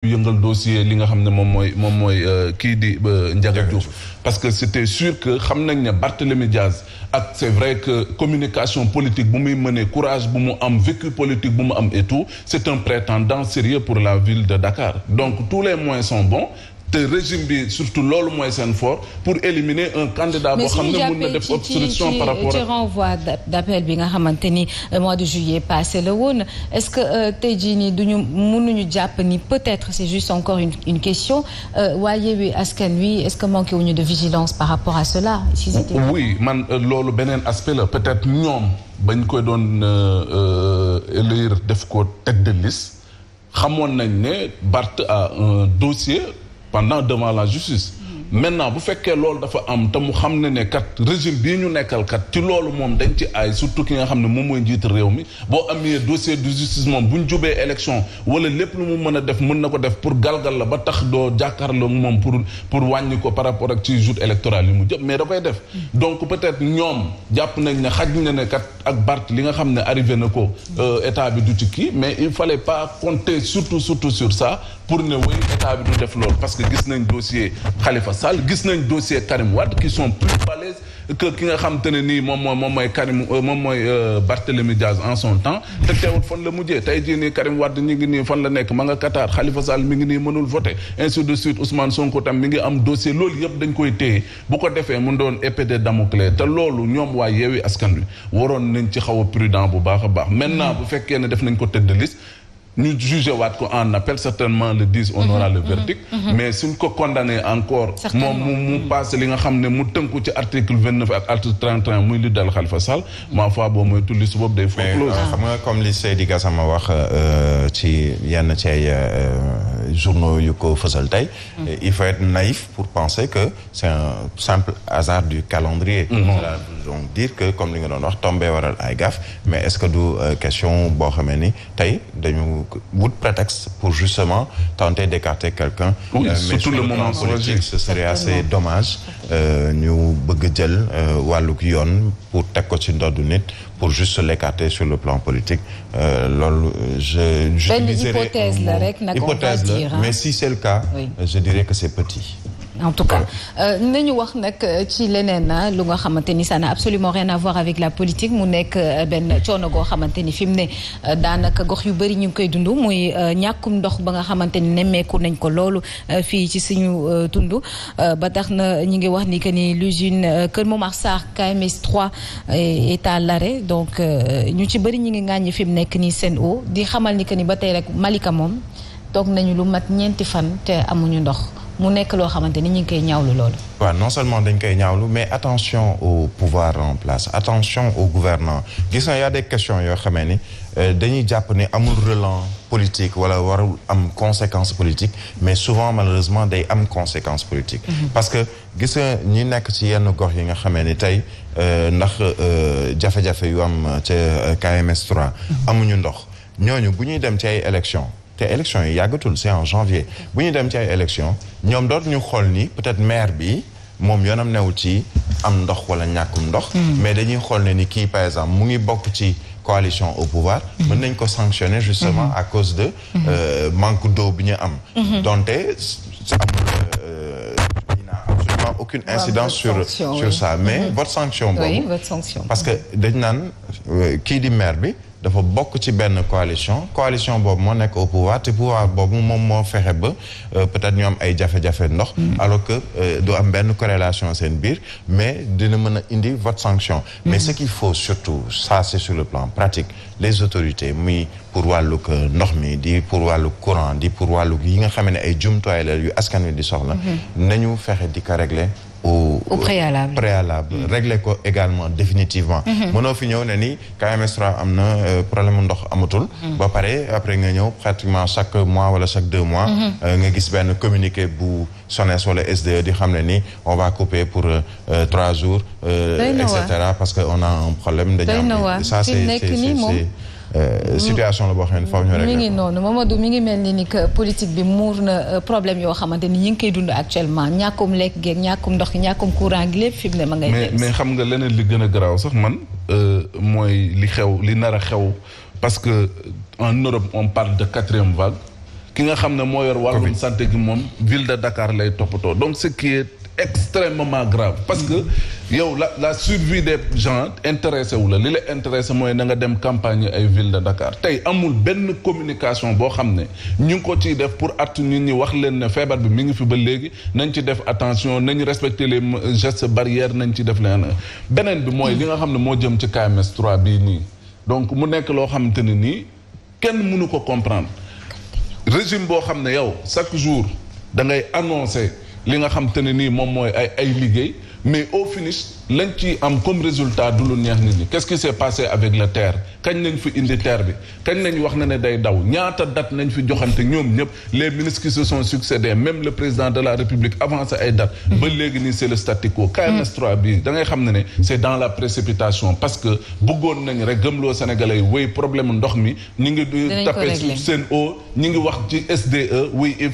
yëngal dossier li nga xam ne moom mooy moom mooy euh, kii di euh, Ndiaga Diouf parce que c'était sûr que xam nañ ne Barthélémy Diaz ak c'est vrai que communication politique bu muy mënee courage bu mu am vécu politique bu mu am et tout c'est un prétendant sérieux pour la ville de Dakar donc tous les moyens sont bons te régime bi surtout loolu mooy seen fort pour éliminer un candidat boo xam ne mun na def obstruction par rapport bi nga xamante ni euh, mois de juillet passé la woon est-ce que euh, tey jii nii duñu mënuñu jàpp ni peut-être c'est juste encore une question euh, waa Yewwi Askan Wi est-ce que manqué wuñu de vigilance par rapport à cela oui man loolu beneen aspect la peut-être ñoom bañ koy doon élire def ko tête de liste xamoon nañ ne Barth a un dossier pendant devant la justice maintenant bu fekkee loolu dafa am te mu xam ne ne kat régime bii ñu nekkal kat ci loolu moom dañ ci ay surtout ki nga xam ne moom mooy njiit réew mi boo amee dossier de justice moom bu ñu jubee élection wala lépp lu mu mën a def mën na ko def pour galgal la ba tax doo jàkkaarloo moom pour pour wàññi ko par rapport ak ci joute électorale mu jëm mais da def. donc peut-être ñoom jàpp nañ ne xaj na ne kat ak Barth li nga xam ne arriver na ko. Euh, état bi du ci kii mais il fallait pas compter surtout surtout sur ça pour ne wéy état bi du def loolu parce que gis nañ dossier Khalifa Sall gis nañ dossier Karim Wade qui sont plus balèzes que ki nga xam te ne nii moom mooy moom mooy Karim euh, moom mooy euh, Barthélemy Diaz en son temps te teewul fan la mujjee tey jii nii Karim Wade ñu ngi nii fan la nekk ma nga Qatar Khalifa Sall mi ngi nii mënul voter ainsi de suite Ousmane Sonko tam mi ngi am dossier loolu yëpp dañ koy téye bu ko defee mu doon épée de Damoclès te loolu ñoom waa Yewwi Askan Wi waroon nañ ci xaw a prudent bu baax a baax maintenant bu fekkee ne def nañ ko tëdd liste ñu jugé waat ko en appel certainement le 10 on mhm, aura le mhm, verdict mhm. mais suñ ko condamné encore moom mu mu li nga xam ne mu tënku ci article 29 ak article 31 muy li dal Khalifa Sall ma foi boobu mooy tulli su boobu day foreclose euh, xam nga comme li Seydi Gassama wax euh, ci yenn ci euh, journaux yu ko fësal tey. Mm. il faut être naïf pour penser que c'est un simple hasard du calendrier. cela mm. veut donc dire que comme li nga doon wax tombé waral ay gaaf mais est-ce que du euh, question boo xamee ni tey dañu wut prétexte pour justement tenter d'écarter quelqu'un oui, euh, mais surtout le moment politique ce serait assez dommage euh, ñu bëgg jël euh, wàlluk yoon pour teg ko ci ndoddu nit pour juste l'écarter sur le plan politique loolu je j'utiliserai hypothèse la rek nag hypothèse Iran mais si c'est cas. je dirais que c'est petit. en tout cas euh, nañu wax nag euh, ci leneen na ah, lu nga xamante ni ça n'a absolument rien à voir avec la politique mu nekk euh, benn coono goo xamante ni fi mu ne daanaka gox yu bëri ñu ngi koy dund muy ñàkkum ndox ba nga xamante ni nemmeeku nañ ko loolu fii ci suñu dund ba tax na ñu ngi wax ni que ni l'usine Kër Momar Sarr KMS 3 est à l'arrêt donc ñu ci bëri ñu ngi ŋàññi fi mu nekk nii Sen'Eau di xamal ni que ni ba tey rek Malika moom toog nañu lu mat ñeenti fan te amuñu ndox mu nekk loo xamante ni ñu ngi koy ñaawlu loolu. waa non seulement dañ koy ñaawlu mais attention au pouvoir en place attention au gouvernant gis nga y a des questions yoo xamee ni euh, dañuy jàpp ne amul politique wala warul am conséquence politique mais souvent malheureusement day am conséquence politique. Mhm. parce que gis nga nekk ci yenn gox yi nga xamee ni tey euh, ndax euh, jafe-jafe yu am ca KMS mhm. amuñu ndox ñooñu bu ñuy dem ci ay élections. te élection yi yàggatul c'est en janvier bu ñu dem ci ay élection ñoom doot ñu xool ni peut-être maire bi moom yoonam newu ci am ndox wala ñàkkum ndox hmm. mais dañuy xool ne ni kii par exemple mu ngi bokk ci coalition au pouvoir hmm. mën nañ ko sanctionner justement hmm. à cause de euh, manque doo bi ñu am donte euh, euh, aucune incidence sur sanction, sur oui. ça mais mm -hmm. votre sanction boobu parce que dañ naan kii di maire bi dafa bokk ci benn coalition coalition boobu moo nekk au pouvoir te pouvoir boobu moom moo fexe ba euh, peut-être ñu ay jafe-jafe ndox mm. alors que euh, du am benn corrélation seen biir mais dina mën a indi vote sanction mm. mais ce qu'il faut surtout ça sur le plan pratique les autorités muy pour wàllug ndox mi di pour wàllug courant di pour wàllug yi nga xam ne ay jumtuwaay la yu askan wi di soxla mm-hmm. nañu fexe di ko régler au, au préalable préalable mm. régler ko également définitivement mm-hmm. mënoo fi ñëw ne ni KMS 3 am na euh, problème ndox amatul mm. ba pare après nga ñëw pratiquement chaque mois wala chaque deux mois mm-hmm. euh, nga gis benn communiqué bu SONES wala SDE di xam ne ni on va couper pour euh, trois jours euh, et cetera parce que on a un problème dañu am ça c'est Euh, situation la boo xam ne faaw ñu rek mi ngi noonu Mamadou mi ngi mel ni ni que bi muur na euh, problème yoo xamante ni ñi ngi koy dund actuellement ñàkkum lekk geeg ñàkkum ndox gi ñàkkum courant gi lépp fi mu ne ma ngay mais mais xam nga leneen li gën a garaaw sax man euh, mooy li xew li nar a xew parce que en Europe on parle de quatrième vague ki nga xam ne moo yor wàllum santé gi moom ville de Dakar lay toppatoo donc ce extrêmement grave parce que yow la la survie des gens intéressé wu li la intéressé mooy na nga dem campagne ay ville de Dakar tey amul benn communication boo xam ne ñu ngi ko ciy def pour artu nit ñi wax leen ne feebar bi mi ngi fi ba léegi nañ ci def attention nañ respecter les gestes barrières nañ ci def leen beneen bi mooy li nga xam ne moo jëm ci KMS 3 bii nii donc mu nekk loo xamante ne nii kenn mënu ko comprendre régime boo xam ne yow chaque jour da ngay li nga xam te ne nii moom mooy ay ay liggéey mais au finish lañ ci am comme résultat du lu neex nit ñi qu'est-ce qui s'est passé avec la terre kañ lañ fi indi terre bi kañ lañ wax na ne day daw ñaata date nañ fi joxante ñoom ñëpp les ministres qui se sont succédé même le président de la république avancé ay date ba léegi nii c'est le statu quo KMS3 bi da xam ne ne c'est dans la précipitation parce que bëggoon nañ rek gëmloo sénégalais yi wéy problème ndox mi ñi ngi tapé seen eau ngi wax ci